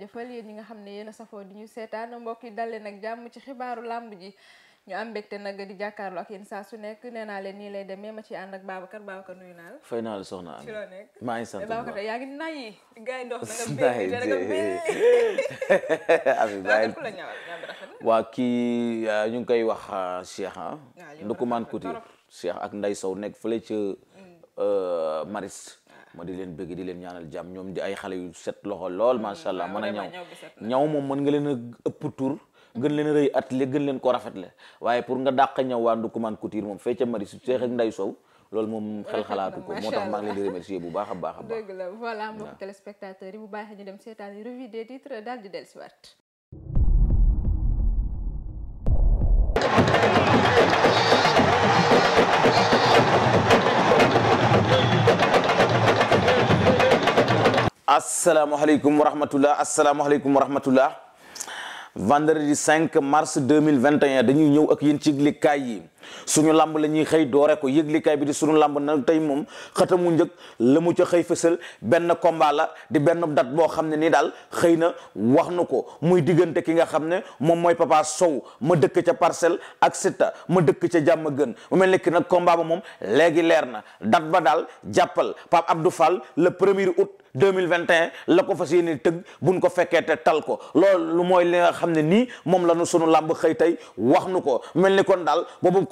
jaajëfal yéen ñi nga xam ne yéen a safoo di ñu seetaan mbokk yi dal nag ak jàmm ci xibaaru làmb ji ñu am mbégte nag di jàkkaarlu ak yéen saa su nekk nee naa leen nii lay demee ma ci ànd ak Babacar Babacar nuyu naa la. fay naa la soxna Ami ci loo nekk maa ngi sant eh, Babacar yaa ngi nayi gaay ndox na nga béy waa kii ah, ñu ngi koy wax ah, Cheikh ah, ah Ndokumane Couture Cheikh ak Nday Sow nekk fële ci mm. euh, Maris ma di leen bëgg di leen ñaanal jàmm ñoom di ay xale yu set loxo lool mm, macha allah mën a ñaw ñaw moom mën nga leen a ëpp tur gën leen a rëy atelier gën leen ko rafetle waaye pour nga dàq ñaw waa Ndoukoumane Couture moom fecca mari su seex ak nday sow loolu moom xel xalaatu ko moo tax maa ngi leen di remercier bu baax a baax a baax dëgg la voilà bu baax ñu dem seetaan revue daal di dellusiwaat asalaamaaleykum wa rahmatulah asalaamaaleykum wa rahmatulah vendredi 5 mars 2021 dañuy ñëw ak yéen ci yëglekaay yi. suñu lamb la ñuy xëy doore ko yëglikaay bi di suñu lamb na tey moom xëtamu njëkk la mu ca xëy fësal benn komba la di benn date boo xam ne nii daal xëy na wax na ko muy diggante ki nga xam ne moom mooy Papa Sow ma dëkk ca parcelle ak Siteu ma dëkk ca jàmm gën mu mel ni ki nag combat ba moom léegi leer na date ba daal jàppal Pape Abdou Fall le premier août 2021 la ko fas yéene tëgg buñ ko fekkee te tal ko mooy li nga xam ne nii moom la nu sunu xëy tey wax ko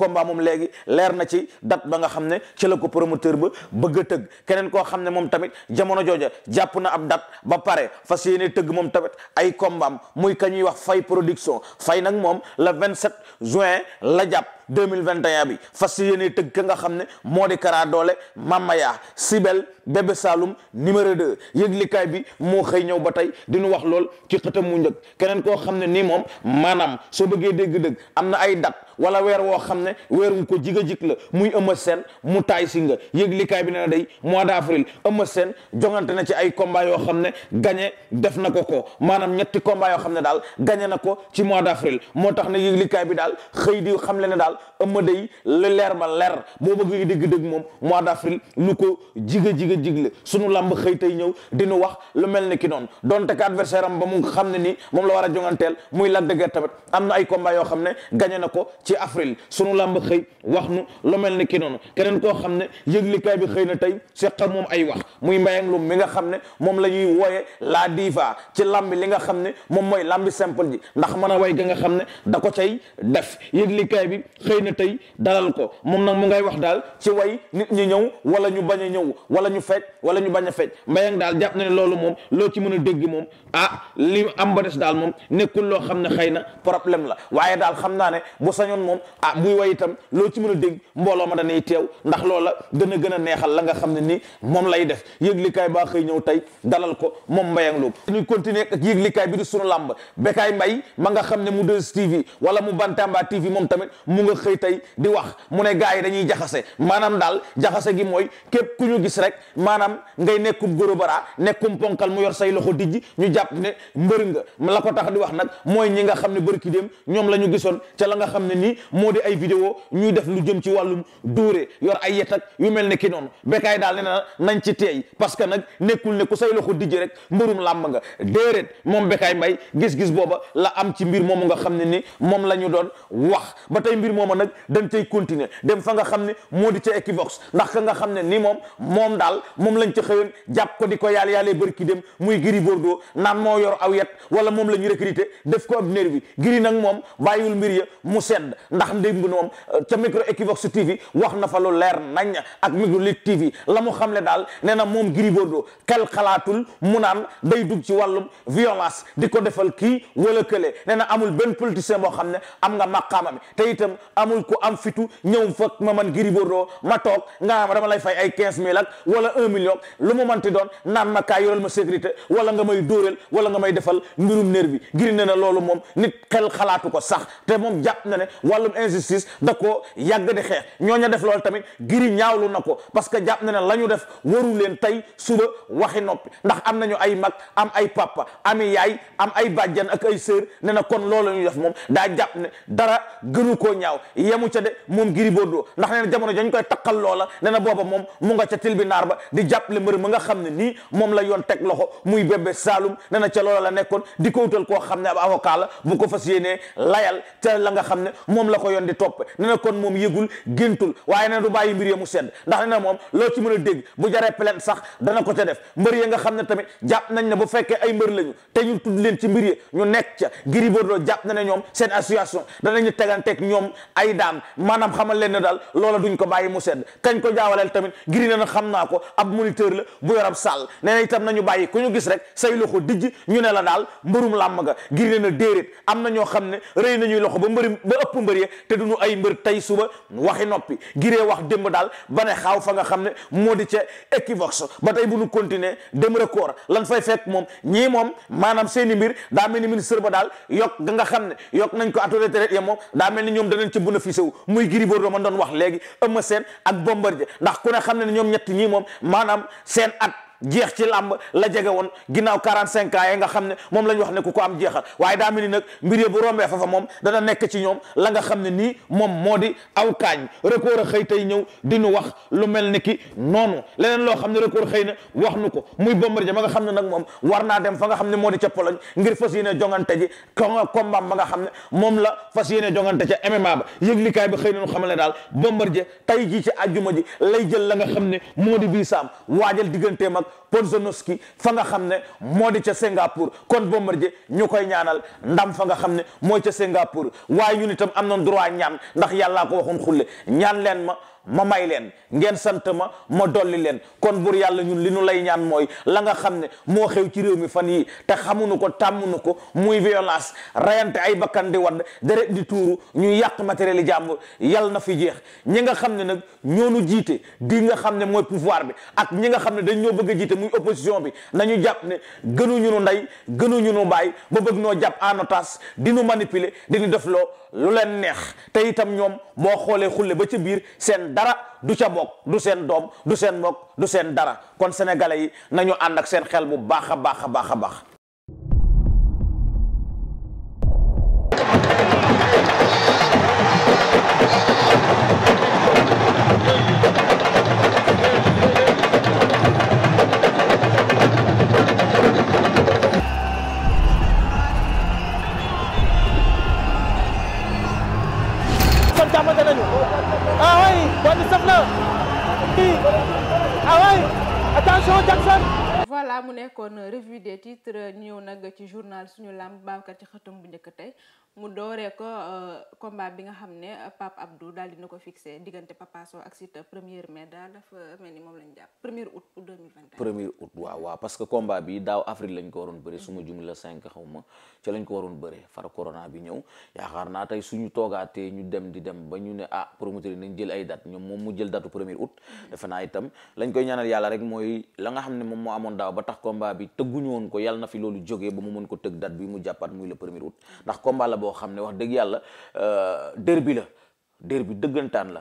combat moom léegi leer na ci date ba nga xam ne ci la ko promoteur ba bëgg a tëgg keneen koo xam ne moom tamit jamono jooja jàpp na ab date ba pare fas yéene tëgg moom tamit ay combat am muy ka ñuy wax fay production fay nag moom le 27 juin la jàpp mille 2021 bi fas yéene tëgg ka nga xam ne moo di Kara Dollé Mamaya Sibel Bébé Saloum numéro 2 yëglikaay bi moo xëy ñëw ba tey di wax lool ci xëtam mu njëkk keneen koo xam ne nii moom maanaam soo bëggee dégg-dëgg am na ay date wala weer woo xam ne weer wu ko jiga jik la muy Eumeu Sène mu taay si nga yëglikaay bi nee na day mois d'avril Eumeu seen jongante na ci ay combat yoo xam ne gagné def na ko ko maanaam ñetti combat yoo xam ne daal gagné na ko ci mois d'avril moo tax ne yëglikaay bi daal xëy xam le ne daal ëmma day li leer ba leer boo bëgg dégg-dégg moom mois d'avril lu ko jiga jiga jigle wax lu mel ni ki noonu donte am ba xam ne nii moom la war a jonganteel muy Lac de Guiers am na ay combat yoo xam ne gagné na ko ci su sunu làmb xëy wax nu lu mel ni ki noonu keneen koo xam ne yëglikaay bi xëy na tey seq moom ay wax muy mbayang lu mi nga xam ne moom la ñuy wooye la diva ci làmb li nga xam ne moom mooy làmb simple ji ndax mën a way ga nga xam ne da ko cay def yëglikaay bi xëy na tey dalal ko moom nag mu ngay wax daal ci way nit ñi ñëw wala ñu bañ a ñëw wala ñu fecc wala ñu bañ a fecc mbayang daal jàpp na loolu moom loo ci mën a dégg moom ah li am ba des daal moom nekkul loo xam ne xëy na problème la waaye daal xam naa ne bu sañoon moom ah buy way itam loo ci mën a dégg mbooloo ma danay teew ndax loola dana gën a neexal la nga xam ne ni moom lay def yëglikaay baa xëy ñëw tey dalal ko moom mbayang loobu ñu continuer ak bi di sunu làmb mu 2STV TV moom tamit mu nga xëy tey di wax mu ne gars yi dañuy jaxase maanaam daal jaxase gi mooy képp ku ñu gis rek maanaam ngay nekkum góor baraa nekkum ponkal mu yor say loxo dijj ñu jàpp ne mbër nga la ko tax di wax nag mooy ñi nga xam ne bërki dem ñoom la ñu gisoon ca la xam ne nii moo di ay vidéo ñuy def lu jëm ci wàllum dóore yor ay yet ak mel ne ki noonu bekkaay daal ne nañ ci teey parce que nag nekkul ne ku say loxo dijji rek mbërum làmb nga déeréet moom bekkaay mbay gis-gis booba la am ci mbir moomu nga xam ne ni moom la ñu doon wax ba tey mbir moom mooma nag dañ cay continuer dem fa nga xam ne moo di ca Equivox ndax ka nga xam ne ni moom moom daal moom lañ ca xëyoon jàpp ko di ko yàlla yàlla bërki dem muy Gris Bordeaux naan moo yor aw yet wala moom la ñu recruter def ko ab nervi bi Gris nag moom bàyyiwul mbir ya mu sedd ndax ndémb moom euh, ca micro Equivox TV wax na fa lu leer nañ ak micro Lit TV la mu xam ne daal nee na moom Gris Bordeaux kel xalaatul mu naan day dugg ci wàllum violence di ko defal kii wala kële nee na amul benn politicien boo xam ne am nga maqaama amul ko am fitu ñëw fekk ma man Gris doo ma toog nga am dama lay fay ay quinze mille ak wala un million lu mu manti doon naan ma kaa yoral ma sécurité wala nga may dóoreel wala nga may defal mbirum nerf bi Gris nee na loolu moom nit xel xalaatu ko sax te moom jàpp na ne wàllum injustice da koo yàgg di xeex ñooña def loolu tamit giri ñaawlu na ko parce que jàpp na ne la ñu def waru leen tey suba waxi noppi ndax am nañu ay mag am ay papa ami yaay am ay bàjjan ak ay sœur na kon loolu la def moom daa jàpp ne dara gënu koo ñaaw yemu ca de moom Gris Bordeaux ndax nee na jamono dañ koy takkal loola nee na booba moom mu nga ca tilbinaar ba di jàppale mbër ma nga xam ne nii moom la yoon teg loxo muy bébé Saloum nee na ca loola la nekkoon di ko wutal koo xam ne ab avocat la bu ko fas yéenee layal ca la nga xam ne moom la ko yoon di toppe kon moom yëgul géntul waaye na du bàyyi mbir ya mu sedd ndax nee na moom loo ci mën a dégg bu jaree plainte sax dana ko ca def mbër ya nga xam ne tamit jàpp nañ ne bu fekkee ay mbër lañu te ñu tudd leen ci mbir yi ñu nekk ca Gris Bordeaux jàpp na ne ñoom seen association danañu teganteeg ñoom ay daan maanaam xamal leen ne daal loola duñ ko bàyyi mu sedd kañ ko jaawaleel tamit giri na xam naa ko ab moniteur la bu yor ab sàll nee na itam nañu bàyyi ku ñu gis rek say loxo dijj ñu ne la daal mbërum làmm ga giri na déeréet am na ñoo xam ne rëy ñuy loxo ba mbëri ba ëpp mbër yee te duñu ay mbër tey suba waxi noppi giree wax démb daal ba ne xaaw fa nga xam ne moo di ca Equivox ba tey bu ñu continuer dem record lan fay fekk moom ñii moom maanaam seeni mbir daa mel ni ministre ba daal yokk nga nga xam ko bénéficié wu muy Gris Bordeaux man doon wax léegi Eumeu seen ak Bombardier ndax ku ne xam ne ne ñoom ñett ñii moom maanaam seen at jeex ci làmb la jege woon ginnaaw 45 ans yi nga xam ne moom la ñu wax ne ku ko am jeexal waaye daa mel nag mbir yi bu rombee fafa moom dana nekk ci ñoom la nga xam ne nii moom moo di aw kaañ record a xëy tey ñëw di ñu wax lu mel ni ki noonu leneen loo xam ne record xëy na wax nu ko muy Bombardier ma nga xam ne nag moom war naa dem fa nga xam ne moo di ca Pologne ngir fas yéene jongante ji ka combat ba nga xam ne moom la fas yéene jongante ca MMA ba yëglikaay bi xëy na ñu xamal ne daal Bombardier tey jii ci àjjuma ji lay jël la nga xam ne moo di bii saam waajal digganteem mag Podzonoski fa nga xam ne moo di ca Singapour kon Bombardier ñu koy ñaanal ndam fa nga xam ne mooy ca Singapour waaye ñun itam am na droit ñaan ndax yàllaa ko waxoon xulle ñaan leen ma ma may leen ngeen sant ma ma dolli leen kon bur yàlla ñun li nu lay ñaan mooy la nga xam ne moo xew ci réew mi fan yii te xamuñu ko tàmm tàmmuñu ko muy violence rayante ay bakkan di wadd deret di tuuru ñuy yàq matériel yi jàmbur yàlla na fi jeex ñi nga xam ne nag ñoonu jiite di nga xam ne mooy pouvoir bi ak ñi nga xam ne dañ ñoo bëgg a jiite muy opposition bi nañu jàpp ne gënu gënuñu nu ndey ñu nu bàyyi ba bëgg noo jàpp en otage di nu manipuler di nu def loo lu leen neex te itam ñoom boo xoolee xulle ba ca biir seen dara du ca bokk du seen doom du seen mbokk du seen dara kon sénégalais yi nañu ànd ak seen xel bu baax a baax a baax a baax jàppante nañu ah oui bon saf na Jackson. voilà mu nekkoon revue des titres ñëw nag ci journal suñu làmb Babacar ci xëtam bu njëkk tey mu dooree ko euh, combat bi nga xam ne Pape Abdou di dina ko fixé diggante Papa Sow ak Siteu premier mais daal dafa mel ni moom lañ jàpp premier août pour 2021. premier août waaw waaw bi daaw avril lañ ko waroon bëri suma jumla cinq xaw ma ci lañ ko waroon bëri far corona bi ñëw yaakaar naa tey suñu toogaatee ñu dem di dem ba ñu ne ah promoteur yi nañ jël ay date ñoom moom mu jël datu premier août. Mhm. defe naa itam lañ koy ñaanal yàlla rek mooy la nga xam ne moom moo amoon daaw ba tax combat bi tëgguñu woon ko yal na fi loolu jógee ba mu mën ko tëgg date bi mu jàppaat muy le premier août ndax combat la boo xam ne wax dëgg yàlla euh, derby la derby dëggantaan la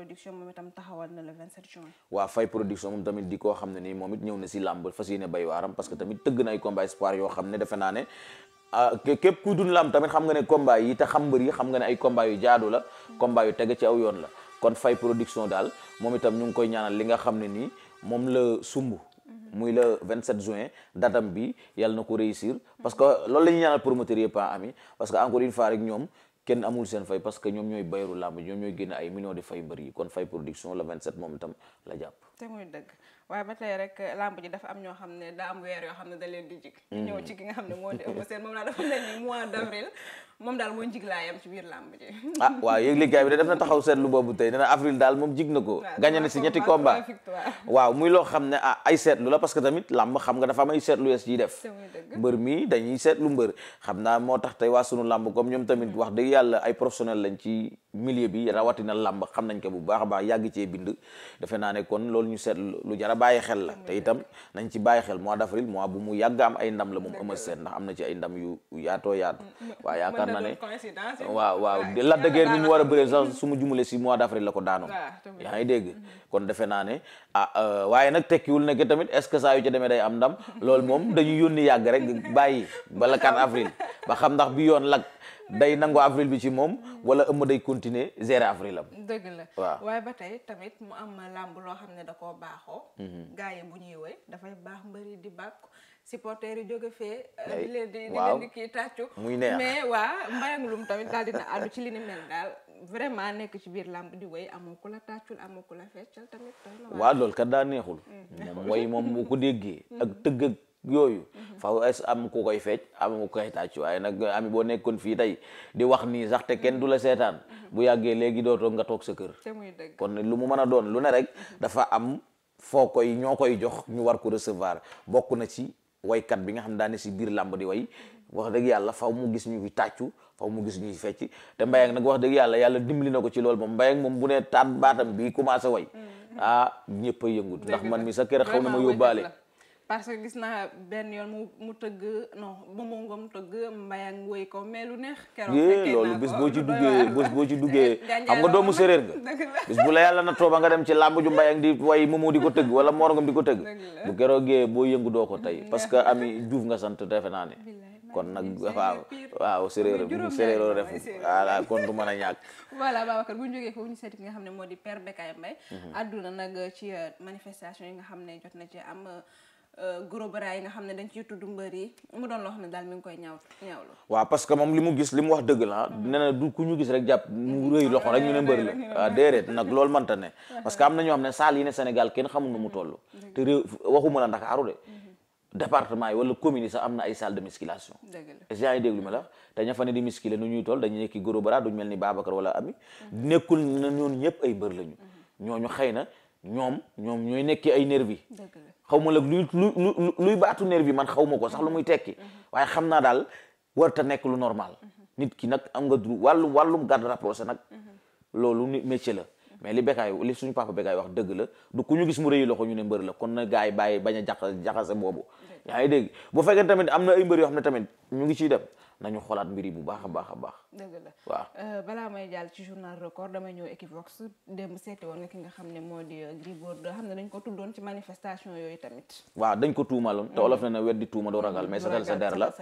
production moom itam taxawal na le 27 juin. waaw fay production moom tamit di koo xam ne nii moom it ñëw na si làmb fas yéene bay waaram parce que tamit tëgg na ay combat espoir yoo xam ne defe naa ne ah, képp ku dun làmb tamit xam nga ne combat yi te xam mbër yi xam nga ne ay combat yu jaadu la. combat yu tege ci aw yoon la. kon fay production daal moom itam ñu ngi koy ñaanal li nga xam ne nii moom la sumb. muy le 27 juin datam bi yàlla na ko réussir. parce que loolu la ñuy ñaanal promoteur yëpp ah, ami kenn amul seen fay parce que ñoom ñooy bayaru làmb ñoom ñooy génne ay millions di fay mbër yi kon fay production la 27 moom itam la jàpp. te muy dëgg waaye ba tey rek eh, làmb ji dafa am ñoo xam ne daa am weer yoo xam ne da leen di jig ñu mm. ñëw ci ki nga xam ne moo di Eumeu Sène moom daal dafa moo jig laa yam ci biir làmb ji ah waaw yéeg liggéey bi de def na taxaw seetlu boobu tey dana daal moom jig na ko gagné na si ñetti combat waaw muy loo xam ne ah ay seetlu la parce que tamit làmb xam nga dafa am ay seetlu yees yiy def mbër mi dañuy seetlu mbër xam naa moo tax tey waa sunu làmb comme ñoom tamit wax dëgg yàlla ay professionnel lañ ci milieu bi rawatina làmb xam nañ ke bu baax baax yàgg cee bind ñu seet lu jara bàyyi xel la te itam nañ ci bàyyi xel mois d'avril mois bu mu yàgg am ay ndam la moom Eumeu Sène ndax am na ci ay ndam yu yaatoo yaatu mm, mm. waaw yaakaar na ne waaw waaw Lac de Guiers bi mu war a bëree mm-hmm. su ma jumale si mois d'avril la ko daanoon yaa dégg mm-hmm. kon defe naa ne ah, euh, waaye nag tekkiwul nekk tamit est-ce que saa yu ca day am ndam loolu moom dañu yónni yàgg rek bàyyi ba la 4 avril ba xam ndax bi yoon lag day nangu avril bi ci moom wala ëmb day continuer gérer avril am. dëgg la waaw waaye ba tey tamit mu am làmb loo xam ne da koo baaxoo. Mhm. gars bu ñuy woy dafay baax mbëri di bàkk supporters yi jóge fee. Euh, di leen di di leen di kii tàccu. muy neex mais waa mbayang lum tamit daal dina àddu ci li ni mel daal. vraiment nekk ci biir làmb di woy am ku a tàccul amoo ku la feccal waa waaw loolu kat daa neexul moom mm-hmm. woy moom bu ko déggee mm-hmm. ak tëgg ak yooyu mm-hmm. faaw am ku koy fecc am ku koy tàcc waaye nag ami boo nekkoon fii tey di wax nii sax te kenn du la seetaan bu yàggee léegi dootoo nga toog sa kër kon lu mu mën a doon lu ne rek dafa am foo koy ñoo koy jox ñu war ko recevoir bokk na ci woykat bi nga xam daane si biir làmb di woy wax dëgg yàlla faw mu gis ñuy tàccu faw mu gis ñuy fecc te mbayang nag wax dëgg yàlla yàlla dimbali na ko ci loolu moom mbayang moom bu ne taat baatam bi commencé way mm-hmm. ah, ndax man mi sa kër xaw na ma yóbbaale parce que gis naa benn yoon mu mu tëgg non bu mu tëgg mbayang woy ko mais lu neex keroog loolu bis boo ci duggee bis boo ci duggee xam nga doomu séréer nga bis bu la yàlla na ba nga dem ci làmb ju mbayang di way moomu di ko tëgg wala moor ngoom di ko tëgg bu keroogee boo yëngu doo ko tey parce que ami Diouf nga sant defe naa ne kon nag waaw waaw séréer séréero def voilà kon du mën a ñàkk voilà Babacar bu ñu jógee foofu ñu seeti nga xam ne moo di Père Bécaye Mbaye mhm. àdduna nag ci euh, yi nga xam ne jot na ci am euh, gros bras yi nga xam ne dañ ciy tudd mbër mu doon loo xam ne daal mi ngi koy ñaaw ñaawlu waaw parce que moom li mu gis li mu wax dëgg la mhm. nee du ku ñu gis rek jàpp mu rëy loxo rek ñu ne mbër la waaw ah, déedéet nag loolu mënta ne parce que am na ñoo xam ne saal yi ne Sénégal kenn xamul nu mu toll mhm. te réew waxuma la Ndakaaru de département yi wala commune yi sax am na ay salle de musculation est-ce déglu ma la te ña fa ne di musculer nu ñuy toll dañu nekki gros bras duñ mel ni Babacar wala Ami mm-hmm. nekkul na ñoon ñëpp ay bër lañu mm-hmm. ñooñu xëy na ñoom ñoom ñooy nekki ay nervi xaw ma nag luy lu luy baatu nervi man xaw ma ko sax lu muy tekki mm-hmm. waaye xam naa daal warta nekk lu normal nit ki nag am nga du wàllu wàllum garde rapproché nag loolu nit la mais li Bécaye li suñu papa Bécaye wax dëgg la du ku ñu gis mu rëy loxo ñu ne mbër kon na gars yi bàyyi bañ a jaxase boobu yaa ngi dégg bu fekkee tamit am na ay mbër yoo xam ne tamit ñu ngi ciy dem nañu xoolaat mbir bu baax a baax a baax. la waaw euh, balaa may jàll ci journal record damay ñëw Equivox dem seete woon nga nga xam ne moo di euh, Gris Bordeaux xam ne dañ ko tuddoon ci manifestation yooyu tamit. waaw dañ ko tuumaloon te mm-hmm. olof na ne weddi tuuma doo ragal mais sagal sa der la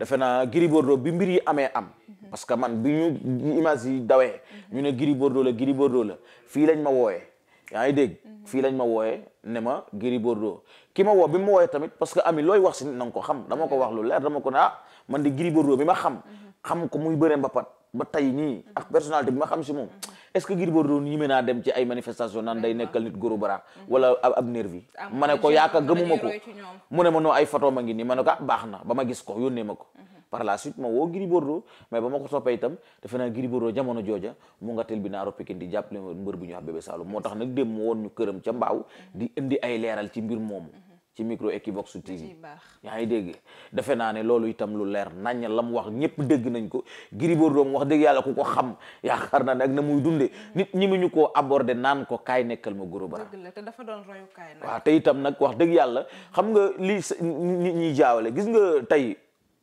defe naa Gris bi mbir yi amee am. Mm-hmm. parce que man bi ñu image yi dawee. Mm-hmm. ñu ne Gris Bordeaux la Gris Bordeaux la fii lañ ma wooyee yaa ngi dégg mhm. fii lañ ma wooyee ne ma Gris doo ki ma woo bi ma wooyee tamit parce que ami looy wax si nit na ko xam dama ko wax lu leer dama ko ne ah man di Gris Bordeaux bi ma xam mhm. xam ko muy bëree mbapat ba tey nii mhm. ak personnalité bi ma xam si moom est-ce que Gris Bordeaux ñi mën naa dem ci ay manifestation naan day nekkal nit góoru bara wala ab nervi ma ne ko yaaka gëmuma ko mu ne ma noo ay photo ma ngi nii ma ne ko ah baax na ba ma gis ko yónnee ma ko par la suite ma woo Gris Bordeaux mais ba ma ko toppee itam defe naa Gris Bordeaux jamono jooja mu nga tel bi naaro Pikine di jàppale mbër ñu wax Bébé moo tax nag dem mu lu leer naññ la mu wax ñëpp dégg nañ ko Gris Bordeaux mu wax dëgg yàlla ku ko xam yaakaar naa ne ak na muy dunde nit ñi mu ñu koo naan ko kaay nekkal ma Gris Bordeaux dëgg la te dafa doon royukaay nag waaw te itam nag wax dëgg yàlla xam nga li ñi jaawale gis nga tey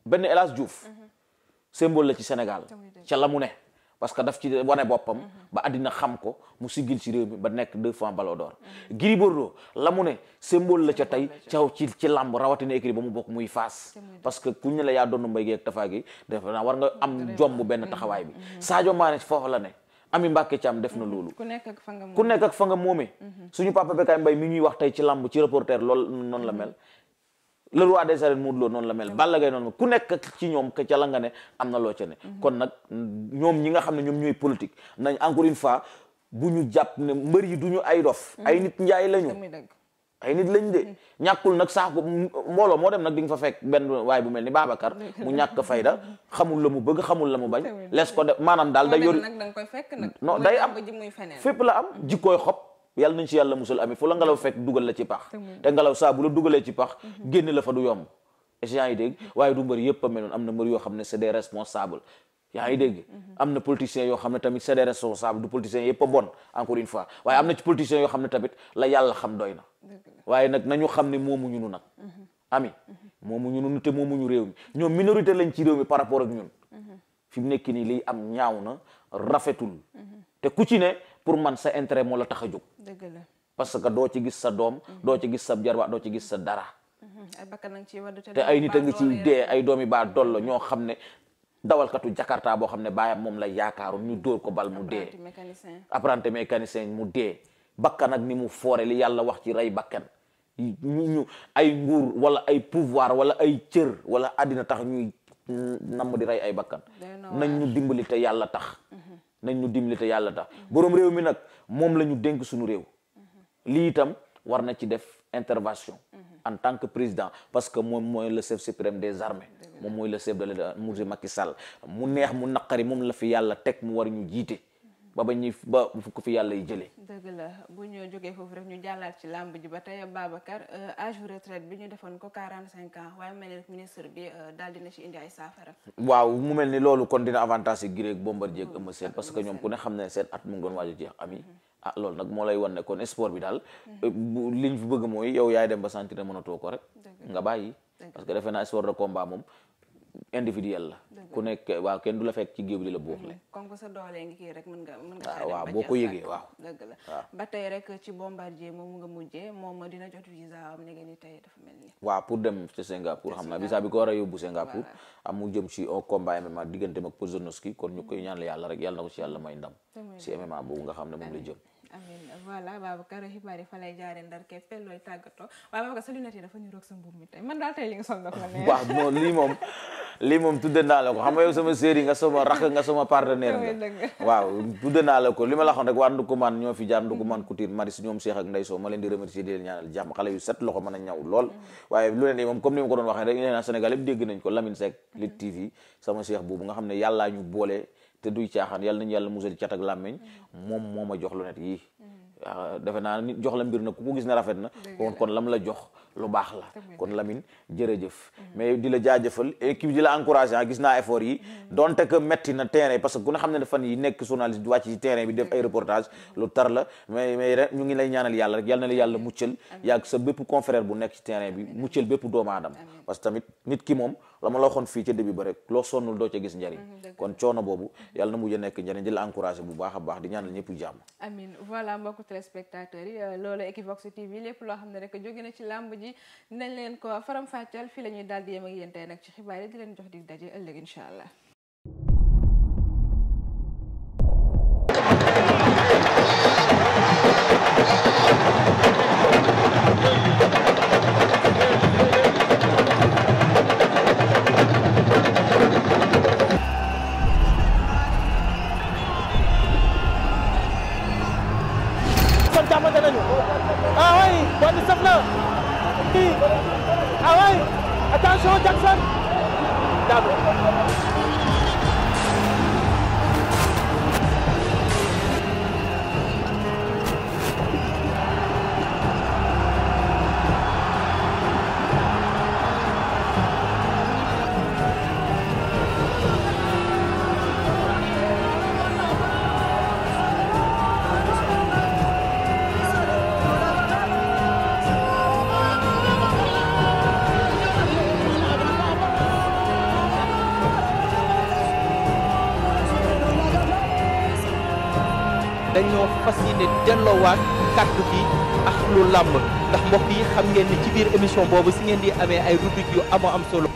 benn El Hadj Diouf symbole la ci Sénégal ca la mu ne parce que daf ci wane boppam ba àddina xam ko mu siggil ci réew mi ba nekk deux fois Ballon d'Or Gris Bordeaux la mu ne la ca tey caw ci làmb rawatina écrit ba mu bokk muy faas parce ku ñu la yaa doon mbay gi ak tafaa gi def naa war nga am jomb benn taxawaay bi mhm. Sadio Mané foofu la ne Ami Mbacke Thiam def na mhm. loolu. ku nekk ak fa nga moomee mhm. suñu papa Bekaay Mbaye ñuy wax tey ci làmb ci reporter lool le roi des arènes Modou Lo noonu la mel Balla Gaye noonu ku nekk ci ñoom ca la nga ne am na loo ca ne mhm. kon nag ñoom ñi nga xam ne ñoom ñooy politique nañ encore une fois bu ñu jàpp ne mbër yi du ñu ay dof mhm. ay nit njaay lañu ay nit lañ de mhm. ñàkkul nag sax mbooloo moo dem nag di nga fa fekk benn waaye bu mel ni Babacar mu ñàkk fayda xamul la mu bëgg xamul la mu bañ lees ko def maanaam daal day yori non day am fépp la am jikkooy xob yàlla nañ ci yàlla musal ami fu la ngelaw fekk dugal la ci pax te ngelaw saa la dugalee ci pax mhm. génn la fa du yomb yaa ngi dégg waaye du mbër yëpp a mel am na mbër yoo xam ne c'est des responsables yaa dégg mhm. am na politiciens yoo xam ne tamit c'est des responsables du politicien yëpp a bon encore une fois waaye am na ci politiciens yoo xam ne tamit la yàlla xam doy na waaye nag nañu xam ne moomuñu nu nag mhm. ami moomuñu nu te moomuñu réew mi ñoom minorité lañ ci réew mi par rapport ak ñun fi mu nekk nii liy na rafetul te pour man sa intérêt moo la tax a jóg. dëgg parce que doo ci gis sa doom. doo ci gis sa jarbaat doo ci gis sa dara. Mm-hmm. ay bakkan nag ci te ay nit a ngi ciy dee ay doomi baa dollo ñoo xam ne dawalkatu jakartaa boo xam ne baayam moom la yaakaaru ñu dóor ko bal mu dee. apprenti mécanicien mu dee. bakkan ak ni mu foore li yàlla wax ci rey bakkan ñu ay nguur wala ay pouvoir wala ay cër wala àddina tax ñuy mm, namm di rey ay bakkan nañ ñu dimbali yàlla tax. Mm-hmm. nañ ñu dimbali te yàlla tax borom réew mi nag moom la ñu dénk suñu réew lii itam war na ci def intervention en tant que président parce que moom mooy le chef suprême des armées moom mooy la chef de l'État Macky Sall mu neex mu naqari moom la fi yàlla teg mu war ñu jiite ba ba ñuy ba ko fi yàlla yi jëlee. la bu ñu jógee foofu rek ñu jàllaat ci làmb ji ba tey Babacar euh, âge de retraite bi ñu defoon ko 45 ans waaye mel ni rek ministre euh, waaw mu mel ni loolu kon dina avantage si Girek Bombardier ak Eumeu Sène parce que ñoom ku ne xam ne seen at mu ngi doon waaj a jeex ami mm-hmm. ah loolu nag moo lay wan ne kon sport bi daal. Mm-hmm. Euh, liñ fi bëgg mooy yow yaay dem ba sentir ne mënatoo ko rek. nga bàyyi parce que defe naa sport de combat moom. individuel la. ku nekk waaw kenn du la fekk ci géew la buuxle. comme que sa doole ngi rek mën nga nga. Ah, waaw waaw boo ko yëgee waaw. dëgg la ah. ba tey rek ci bombardier moom nga mujjee moom dina jot visa am ne ni tey dafa mel ni. waaw pour dem ci Singapour xam naa visa bi ko war a yóbbu Singapour. am mu jëm ci au combat MMA digganteem ak kon ñu koy mm. ñaan la yàlla rek yàlla na ko ci yàlla may ndam. ci MMA boobu nga xam ne moom la jëm. amiin voilà Babacar xibaar yi fa lay jaaree ndar keppe looy tàggatoo waaye Babacar sa lunette yi sa mbubb mi tey man daal lii moom lii moom tudde naa la ko xam nga la ko li ma la waxoon ñoom Cheikh ak Ndeye ma leen di remercier di leen ñaanal jàmm xale yu set loxo mën a ñaw lool waaye lunette yi moom comme ni ma ko doon waxee rek nee yëpp dégg nañ ko Lamine Seck Lit mm-hmm. TV sama cheikh boobu nga xam ne yàllaa ñu boole te duy caaxaan yàlla nañu yàlla musal cat ak làmmiñ moom moo ma jox lu net Euh, defe naa nit jox la mbir na ku ko gis ne rafet na kon lam la jox lu baax la kon Lamine jërëjëf mhm. mais di la jaajëfal équipe di la encouragé ah, gis naa effort yi mhm. donte que metti na terrain parce que ku xam ne ne fan nekk journaliste di wàcc ci terrain bi def ay mhm. reportage la mais mais ñu lay ñaanal yàlla rek yàlla na la yàlla muccal bépp confrère bu nekk ci bi muccal bépp doomu aadama parce tamit nit ki moom la ma la waxoon fii ca début ba rek loo sonnul doo ca gis njëriñ kon coono boobu yàlla na mujj a nekk njëriñ di la encouragé bu baax a baax di ñaanal ñëpp jàmm téléspectateurs yi euh, loolu Equivox TV lépp loo xam ne rek jóge na ci làmb ji dinañ leen ko faram fàcceel fii la ñuy daal di yem ak ci xibaar yi di leen jox di daje ëllëg incha allah. dañoo fas yéene delloowaat kàddu gi ak lu làmb ndax mbokk yi xam ngeen ne ci biir émission boobu si ngeen di amee ay rubrique yu amoo am solo.